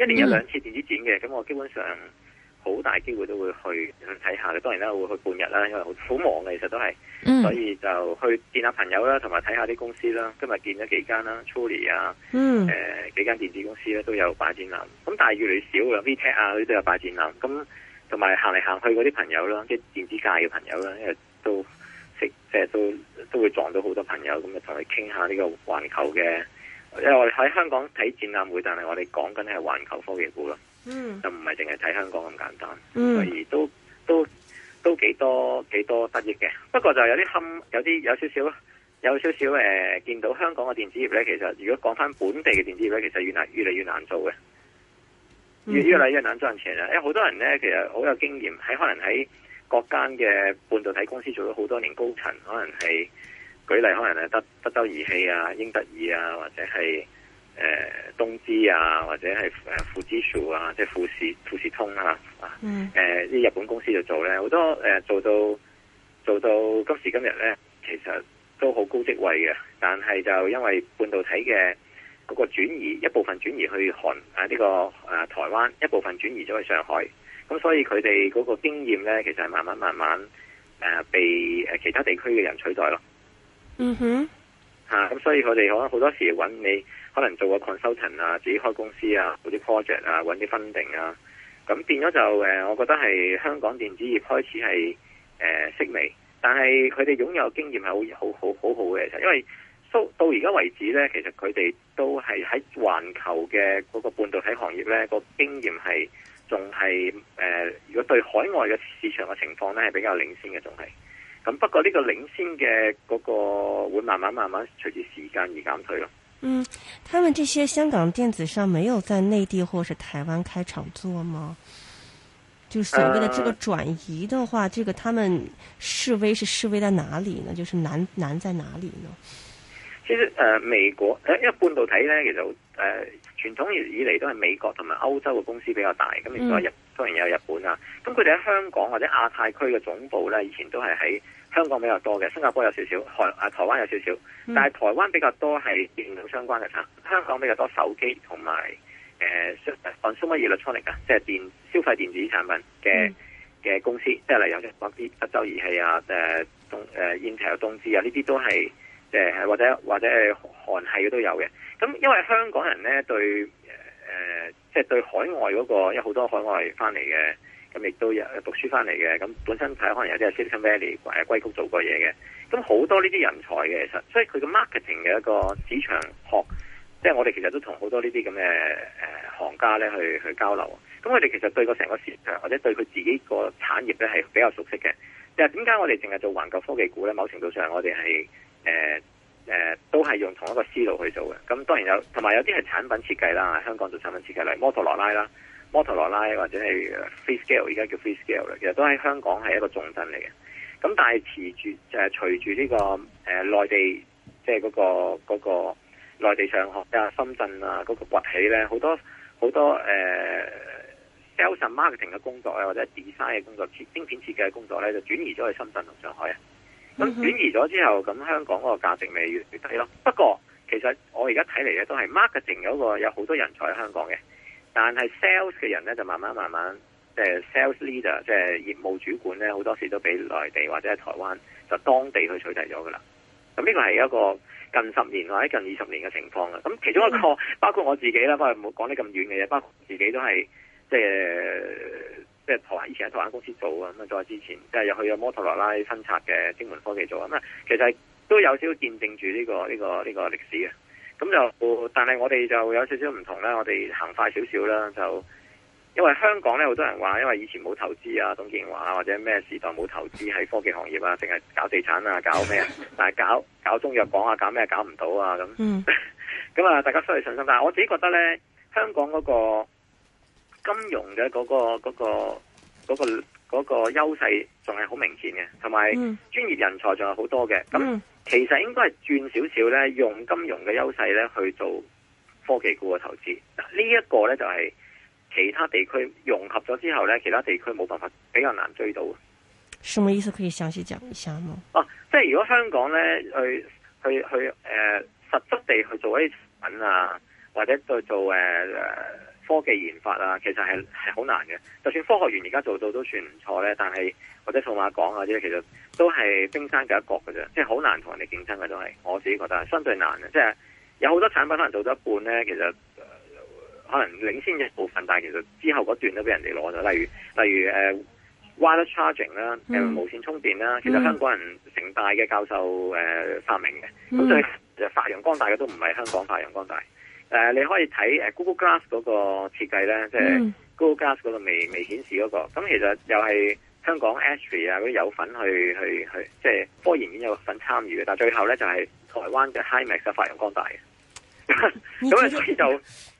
Mm -hmm. 一年一兩次電子展嘅，咁我基本上好大機會都會去睇下嘅。當然啦，會去半日啦，因為好忙嘅，其實都係，mm -hmm. 所以就去見下朋友啦，同埋睇下啲公司啦。今日見咗幾間啦，Chu Li 啊，誒、呃、幾間電子公司咧都有擺展覽。咁但係越嚟越少嘅 V Tech 啊，啲都有擺展覽。咁同埋行嚟行去嗰啲朋友啦，即係電子界嘅朋友啦，因為都識即係都都會撞到好多朋友，咁就同佢傾下呢個環球嘅。因為我哋喺香港睇展覽會，但係我哋講緊係環球科技股咯、嗯，就唔係淨係睇香港咁簡單、嗯，所以都都都幾多幾多得益嘅，不過就有啲冚，有啲有少少有少少誒，見到香港嘅電子業咧，其實如果講翻本地嘅電子業咧，其實越嚟越嚟越難做嘅、嗯，越越嚟越難賺錢啦。因為好多人咧，其實好有經驗喺可能喺各間嘅半導體公司做咗好多年高層，可能係。舉例，可能係德，德德州儀器啊、英特爾啊，或者係誒、呃、東芝啊，或者係富士樹啊，即係富士富士通啊。誒、mm. 啲、呃、日本公司就做咧，好多做到做到今時今日咧，其實都好高職位嘅，但係就因為半導體嘅嗰個轉移，一部分轉移去韓啊呢、呢個啊台灣，一部分轉移咗去上海，咁所以佢哋嗰個經驗咧，其實係慢慢慢慢被其他地區嘅人取代咯。Mm -hmm. 嗯哼，吓咁，所以佢哋可能好多時揾你，可能做個 consultant 啊，自己開公司啊，嗰啲 project 啊，揾啲分定啊，咁變咗就誒，我覺得係香港電子業開始係誒式微，但係佢哋擁有經驗係好好好好嘅，其因為到而家為止咧，其實佢哋都係喺環球嘅嗰個半導體行業咧，那個經驗係仲係誒，如果對海外嘅市場嘅情況咧，係比較領先嘅，仲係。咁不過呢個領先嘅嗰個會慢慢慢慢隨住時間而減退咯。嗯，他們這些香港電子商沒有在內地或者是台灣開廠做嗎？就所謂的這個轉移的話，這個他們示威是示威在哪裏呢？就是難難在哪裏呢？其實誒、呃，美國誒，因為半導體咧，其實誒。呃傳統以嚟都係美國同埋歐洲嘅公司比較大，咁然之後日、嗯、當然有日本啦。咁佢哋喺香港或者亞太區嘅總部咧，以前都係喺香港比較多嘅，新加坡有少少，台啊台灣有少少，嗯，但係台灣比較多係電腦相關嘅產，香港比較多手機同埋誒運輸乜嘢類出嚟噶，即係電消費電子產品嘅嘅、嗯、公司，即係例如即係嗰啲德州儀器啊、誒東誒英特爾、東芝啊，呢啲、啊、都係。誒，或者或者係韓系嘅都有嘅。咁因為香港人咧，對誒誒，即係對海外嗰個有好多海外翻嚟嘅，咁亦都有讀書翻嚟嘅。咁本身睇可能有啲係 Silicon Valley 或者硅谷做過嘢嘅。咁好多呢啲人才嘅，其實所以佢個 marketing 嘅一個市場學，即係我哋其實都同好多呢啲咁嘅誒行家咧，去去交流。咁佢哋其實對個成個市場或者對佢自己個產業咧係比較熟悉嘅。但係點解我哋淨係做環球科技股咧？某程度上我哋係。誒、呃、誒、呃，都係用同一個思路去做嘅。咁當然有，同埋有啲係產品設計啦。香港做產品設計，例如摩托羅拉啦，摩托羅拉或者係 Freescale 而家叫 Freescale 啦，其實都喺香港係一個重鎮嚟嘅咁但係持住就係隨住呢個誒內、呃、地即係嗰個嗰、那個內、那個、地上海啊深圳啊嗰、那個崛起咧，好多好多誒、呃、sales marketing 嘅工作咧、啊，或者是 design 嘅工作、晶片設計嘅工作咧，就轉移咗去深圳同上海啊。咁轉移咗之後，咁香港嗰個價值咪越嚟越低咯。不過其實我而家睇嚟咧，都係 marketing 嗰個有好多人才喺香港嘅，但係 sales 嘅人咧就慢慢慢慢，即係 sales leader，即係業務主管咧，好多時都俾內地或者係台灣就當地去取締咗噶啦。咁呢個係一個近十年或者近二十年嘅情況啊。咁其中一個、嗯、包括我自己啦，不過唔好講得咁遠嘅嘢，包括自己都係即係。就是即係台，以前喺台灣公司做啊，咁啊再之前即係又去咗摩托羅拉新策嘅精門科技做啊，咁啊其實都有少少見證住呢、這個呢、這個呢、這個歷史啊。咁就但係我哋就有少少唔同啦，我哋行快少少啦，就因為香港咧好多人話，因為以前冇投資啊，董建華或者咩時代冇投資喺科技行業啊，淨係搞地產啊，搞咩？啊，但係搞搞中藥講下搞咩搞唔到啊咁。咁啊，嗯、 大家需要信心，但係我自己覺得咧，香港嗰、那個、金融嘅嗰、那個嗰、那個、那個、那個那個優勢仲係好明顯嘅，同埋專業人才仲係好多嘅。咁、嗯、其實應該係轉少少咧，用金融嘅優勢咧去做科技股嘅投資。嗱，呢一個咧就係其他地區融合咗之後咧，其他地區冇辦法比較難追到。什麼意思？可以詳細講一下嗎？哦、啊，即係如果香港咧去去去誒、呃，實質地去做一啲產品啊，或者再做誒誒。呃科技研發啊，其實係係好難嘅。就算科學園而家做到都算唔錯咧，但係或者數碼港啊啲，其實都係冰山嘅一角嘅啫。即係好難同人哋競爭嘅都係，我自己覺得係相對難嘅。即係有好多產品可能做咗一半咧，其實可能領先嘅部分，但係其實之後嗰段都俾人哋攞咗。例如例如誒、uh, Wire Charging 啦，誒無線充電啦，mm. 其實香港人成大嘅教授誒、uh, 發明嘅，咁、mm. 所以其實發揚光大嘅都唔係香港發揚光大。誒、呃，你可以睇，誒，Google Glass 嗰個設計咧，即、嗯、係、就是、Google Glass 嗰個未未顯示嗰、那個，咁其實又係香港 ASTRI 啊嗰啲有份去去去，即係、就是、科研院有份參與嘅，但係最後咧就係台灣嘅 HiMax 的發揚光大嘅，咁啊所以就。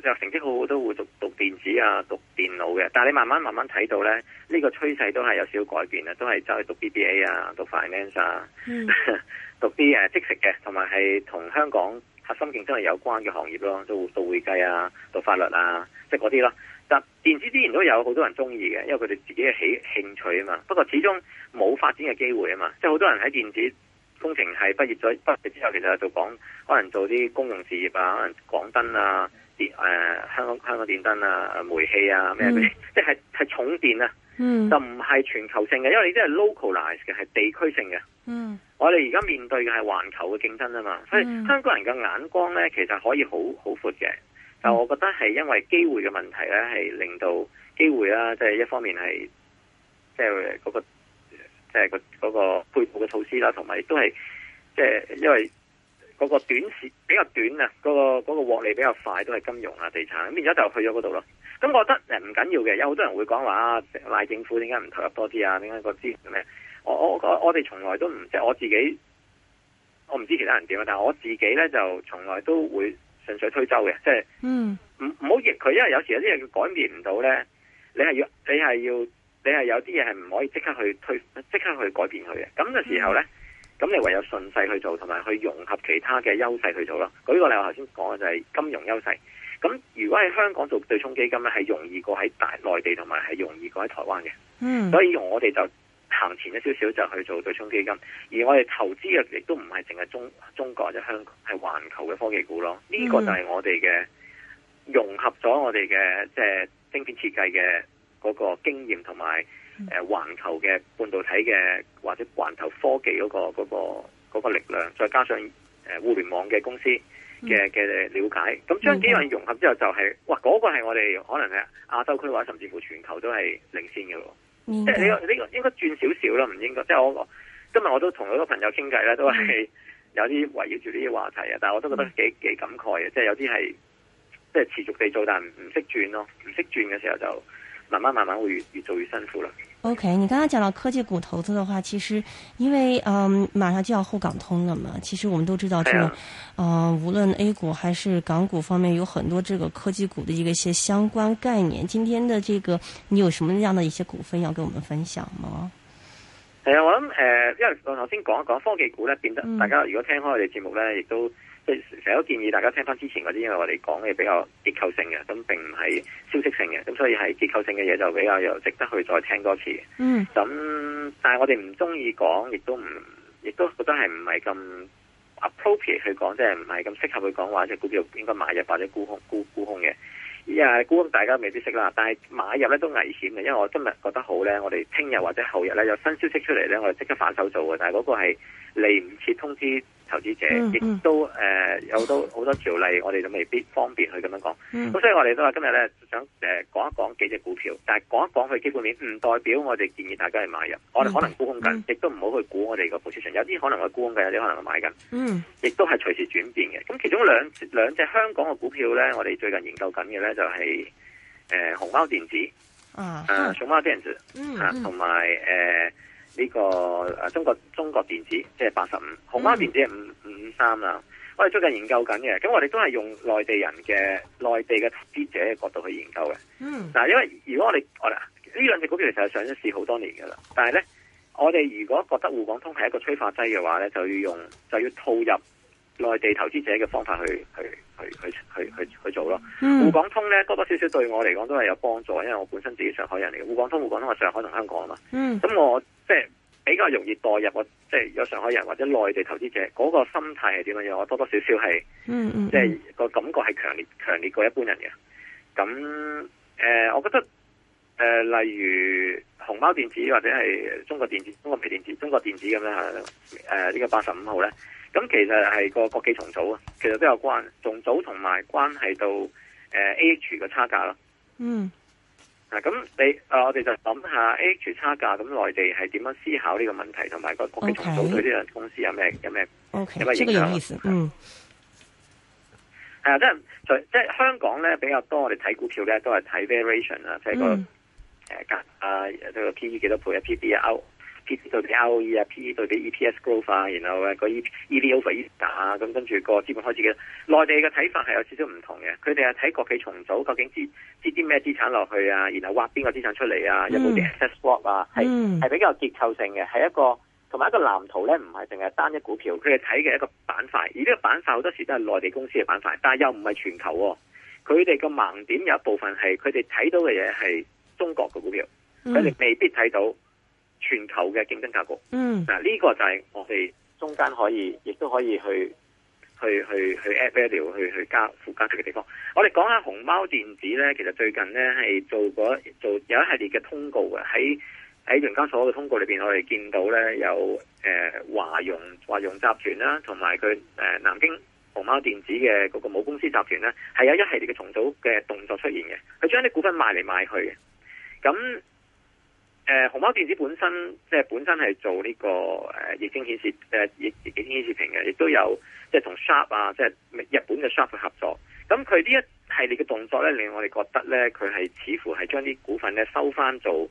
就成績好好都會讀電子啊，讀電腦嘅。但你慢慢慢慢睇到呢，呢、呢個趨勢都係有少少改變啦，都係走去讀 BBA 啊，讀 Finance 啊，嗯、 讀啲誒即食嘅，同埋係同香港核心競爭力有關嘅行業咯，都讀會計啊，讀法律啊，即係嗰啲咯。但電子之前都有好多人中意嘅，因為佢哋自己嘅起興趣啊嘛。不過始終冇發展嘅機會啊嘛，即係好多人喺電子工程係畢業咗畢業之後，其實做講可能做啲公用事業啊，可能廣燈啊。誒，香港香港電燈啊，煤氣啊，咩咩，mm. 即係係重電啊，mm. 就唔係全球性嘅，因為你即係 localize 嘅，係地區性嘅。嗯，mm. 我哋而家面對嘅係環球嘅競爭啊嘛，所以香港人嘅眼光咧，其實可以好好闊嘅。闊 mm. 但我覺得係因為機會嘅問題咧，係令到機會啦，即係一方面係，即係嗰個，即係嗰個配套嘅措施啦，同埋都係，即係因為。嗰個短時比較短啊，嗰個嗰個獲利比較快，都係金融啊、地產咁，變咗就去咗嗰度咯。咁我覺得誒唔緊要嘅，有好多人會講話啊，賴政府點解唔投入多啲啊？點解個資源咩？我我我哋從來都唔即係我自己，我唔知其他人點，但係我自己咧就從來都會順水推舟嘅，即係嗯，唔唔好逆佢，因為有時有啲嘢佢改變唔到咧，你係要你係要你係有啲嘢係唔可以即刻去推，即刻去改變佢嘅。咁嘅時候咧。嗯。咁你唯有順勢去做，同埋去融合其他嘅優勢去做咯。舉個例，我頭先講嘅就係金融優勢。咁如果喺香港做對沖基金咧，係容易過喺大內地同埋係容易過喺台灣嘅。嗯，所以我哋就行前一少少就去做對沖基金，而我哋投資嘅亦都唔係淨係中中國或者香港係環球嘅科技股咯。呢個就係我哋嘅融合咗我哋嘅即係芯片設計嘅。嗰、那個經驗同埋誒環球嘅半導體嘅，或者環球科技嗰、那個那個那個力量，再加上互聯、呃、網嘅公司嘅嘅、嗯、了解，咁將幾樣融合之後、就是，就、嗯、係哇嗰、那個係我哋可能係亞洲區或者甚至乎全球都係領先嘅咯。即係呢個呢、這個應該轉少少啦，唔應該。即、就、係、是、我，我今日我都同好多朋友傾偈咧，都係有啲圍繞住呢啲話題啊。但我都覺得幾、嗯、幾感慨嘅，即、就、係、是、有啲係即係持續地做，但唔識轉咯，唔識轉嘅時候就。慢慢慢慢會越越做越辛苦啦。OK，你剛才講到科技股投資的話，其實因為嗯、呃，馬上就要滬港通了嘛，其實我們都知道這，就嗯、啊呃，無論 A 股還是港股方面，有很多這個科技股的一個一些相關概念。今天的這個，你有什麼樣的一些股份要跟我們分享嗎？係啊，我諗誒、呃，因為我頭先講一講科技股咧，變得大家、嗯、如果聽開我哋節目咧，亦都。成日都建議大家聽翻之前嗰啲，因為我哋講嘅比較結構性嘅，咁並唔係消息性嘅，咁所以係結構性嘅嘢就比較又值得去再聽多次。嗯。咁，但係我哋唔中意講，亦都唔，亦都覺得係唔係咁 appropriate 去講，即係唔係咁適合去講話啲股票應該買入或者沽空沽沽空嘅。啊，沽空大家未必識啦，但係買入咧都危險嘅，因為我今日覺得好咧，我哋聽日或者後日咧有新消息出嚟咧，我哋即刻反手做嘅，但係嗰個係嚟唔切通知。投資者亦、嗯嗯、都誒、呃、有好多好多條例，我哋都未必方便去咁樣講。咁、嗯、所以我哋都話今日咧想誒、呃、講一講幾隻股票，但係講一講佢基本面，唔代表我哋建議大家去買入。我哋可能沽空緊，亦、嗯嗯、都唔好去估我哋個 position。有啲可能我沽空緊，有啲可能我買緊，亦、嗯、都係隨時轉變嘅。咁其中兩兩隻香港嘅股票咧，我哋最近研究緊嘅咧就係誒熊貓電子、呃熊貓電子嗯嗯嗯、啊，啊數碼飛人同埋誒。呃呢、這個誒中國中國電子即係八十五，熊貓電子係五五三啦。我哋最近研究緊嘅，咁我哋都係用內地人嘅內地嘅投資者嘅角度去研究嘅。嗯，嗱，因為如果我哋我哋呢兩隻股票其實係上咗市好多年噶啦，但係呢，我哋如果覺得滬港通係一個催化劑嘅話呢，就要用就要套入內地投資者嘅方法去去去去去去去做咯。嗯，滬港通呢，多多少少對我嚟講都係有幫助，因為我本身自己上海人嚟嘅，滬港通滬港通係上海同香港啊嘛。咁、嗯、我。即、就、係、是、比較容易代入，我即係有上海人或者內地投資者嗰、那個心態係點樣樣，我多多少少係，即、就、係、是、個感覺係強烈，強烈過一般人嘅。咁誒、呃，我覺得誒、呃，例如熊貓電子或者係中國電子、中國微電子、中國電子咁樣誒呢個八十五號咧，咁其實係個國際重組啊，其實都有和關重組同埋關係到誒 A、呃、H 嘅差價咯。嗯。嗱、啊，咁你，啊，我哋就諗下 AH、欸、差價，咁內地係點樣思考呢個問題，同埋個國際重資對呢兩公司有咩有咩、okay，有咩影響？什麼意思，嗯，係啊，即係即係香港咧比較多，我哋睇股票咧都係睇 valuation 啦、那個，即係個誒價啊，即、啊這個、P E 幾多倍啊，P B 啊，O。PBL? 對比 ROE 啊，PE 對比 EPS growth 啊，然後咧個 EV over EBITDA 啊，咁跟住個資本開支嘅，內地嘅睇法係有少少唔同嘅，佢哋係睇國企重組，究竟知接啲咩資產落去啊，然後挖邊個資產出嚟啊，有冇啲 asset swap 啊，係係比較結構性嘅，係、嗯、一個同埋一個藍圖咧，唔係淨係單一股票，佢哋睇嘅一個板塊，而呢個板塊好多時都係內地公司嘅板塊，但係又唔係全球、啊，佢哋嘅盲點有一部分係佢哋睇到嘅嘢係中國嘅股票，佢哋未必睇到。全球嘅競爭格局，嗱、嗯、呢、這個就係我哋中間可以，亦都可以去去去去 add value，去去加附加嘅地方。我哋講下熊貓電子呢，其實最近呢係做過做有一系列嘅通告嘅，喺喺聯交所嘅通告裏邊，我哋見到呢，有誒、呃、華融華融集團啦、啊，同埋佢誒南京熊貓電子嘅嗰個母公司集團呢，係有一系列嘅重組嘅動作出現嘅，佢將啲股份賣嚟賣去嘅，咁。誒、呃，熊貓電子本身即係本身係做呢、這個誒液晶顯示誒液液晶顯示屏嘅，亦都有即係同 Sharp 啊，即係日本嘅 Sharp 合作。咁佢呢一系列嘅動作咧，令我哋覺得咧，佢係似乎係將啲股份咧收翻做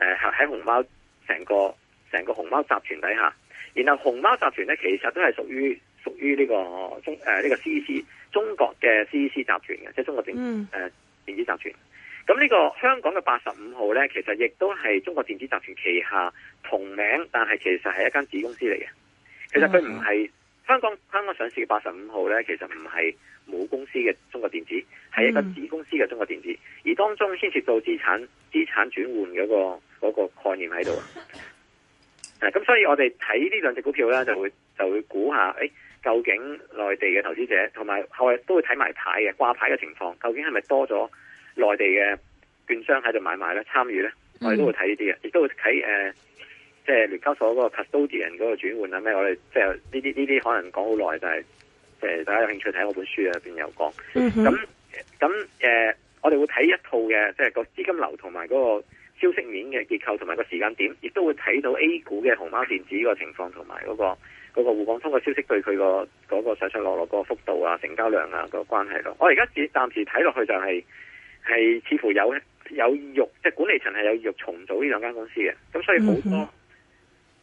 誒喺、呃、熊貓成個成個熊貓集團底下。然後熊貓集團咧，其實都係屬於屬於呢、這個中誒呢個 CEC 中國嘅 CEC 集團嘅，即係中國電誒、嗯呃、電子集團。咁呢個香港嘅八十五號呢，其實亦都係中國電子集團旗下同名，但係其實係一間子公司嚟嘅。其實佢唔係香港香港上市嘅八十五號呢，其實唔係母公司嘅中國電子，係一間子公司嘅中國電子，嗯、而當中牽涉到資產資產轉換嗰個嗰、嗰個概念喺度啊。咁 所以我哋睇呢兩隻股票呢，就會就會估下，誒、哎，究竟內地嘅投資者同埋後日都會睇埋牌嘅掛牌嘅情況，究竟係咪多咗？內地嘅券商喺度買賣咧，參與咧，我哋都會睇呢啲嘅，亦都會睇誒，即係聯交所嗰個 custodian 嗰個轉換啊咩，我哋即係呢啲呢啲可能講好耐，但係即、呃、大家有興趣睇我本書啊，入邊有講。咁咁誒，我哋會睇一套嘅，即係個資金流同埋嗰個消息面嘅結構，同埋個時間點，亦都會睇到 A 股嘅熊貓電子個情況同埋嗰個嗰個滬港通嘅消息對佢個嗰個上上落落個幅度啊、成交量啊個關係咯。我而家只暫時睇落去就係。係似乎有有意欲，即、就、係、是、管理層係有意欲重組呢兩間公司嘅，咁所以好多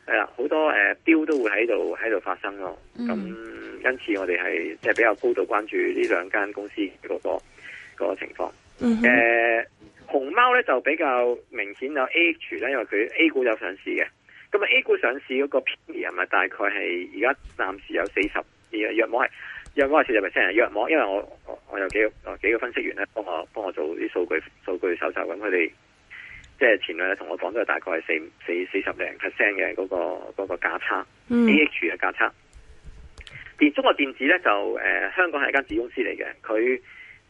係啦，好、mm -hmm. 啊、多誒 deal、uh, 都會喺度喺度發生咯。咁、mm -hmm. 因此我哋係即係比較高度關注呢兩間公司嗰、那個、那個情況。誒、mm -hmm. uh,，熊貓咧就比較明顯有 A H 咧，因為佢 A 股有上市嘅。咁啊 A 股上市嗰個 P E 係咪大概係而家暫時有四十？而約莫係。約摸四十 percent，因為我我有幾幾個分析員咧，幫我幫我做啲數據數據搜集，咁佢哋，即係前兩日同我講都係大概係四四四十零 percent 嘅嗰個、嗰個價差 AH 嘅價差。電、嗯、中國電子咧就誒、呃，香港係一間子公司嚟嘅，佢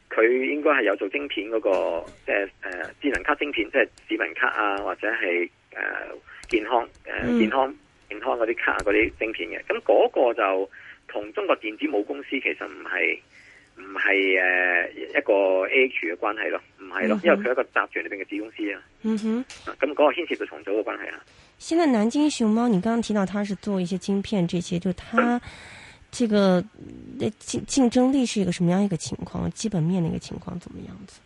佢應該係有做晶片嗰、嗰個，即係誒智能卡晶片，即係智能卡啊，或者係誒、呃、健康誒、呃、健康健康嗰啲卡嗰啲晶片嘅，咁嗰個就。同中國電子母公司其實唔係唔係誒一個 A H 嘅關係咯，唔係咯，因為佢係一個集團入邊嘅子公司啊。嗯哼，咁個牽、嗯啊、涉到重組嘅關係啦。現在南京熊貓，你剛剛提到他是做一些晶片，這些就他這個競競 爭力是一個什麼樣的一個情況，基本面一個情況，怎麼樣子？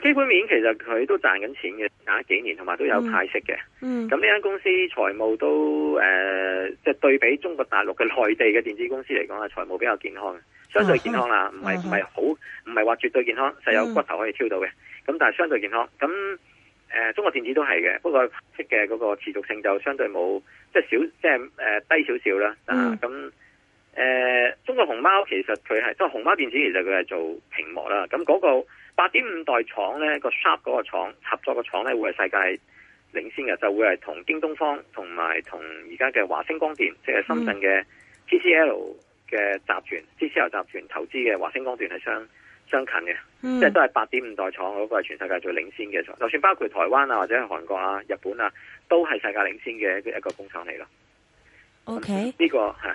基本面其實佢都賺緊錢嘅，近一幾年同埋都有派息嘅。嗯，咁呢間公司財務都誒，即、呃、係、就是、對比中國大陸嘅內地嘅電子公司嚟講，係財務比較健康，相對健康啦，唔係唔係好，唔係話絕對健康，實、嗯、有骨頭可以挑到嘅。咁但係相對健康，咁誒、呃，中國電子都係嘅，不過派息嘅嗰個持續性就相對冇，即係少，即係誒低少少啦。啊，咁誒、呃，中國熊貓其實佢係，即係熊貓電子其實佢係做屏幕啦，咁嗰、那個。八點五代廠呢個 Sharp 那個 Sharp 嗰個廠合作個廠呢會係世界領先嘅，就會係同京東方同埋同而家嘅華星光電，即係深圳嘅 TCL 嘅集團，TCL、嗯、集團投資嘅華星光電係相相近嘅、嗯，即係都係八點五代廠，嗰、嗰個係全世界最領先嘅廠，就算包括台灣啊或者係韓國啊、日本啊，都係世界領先嘅一個個工廠嚟咯。OK，呢、嗯這個係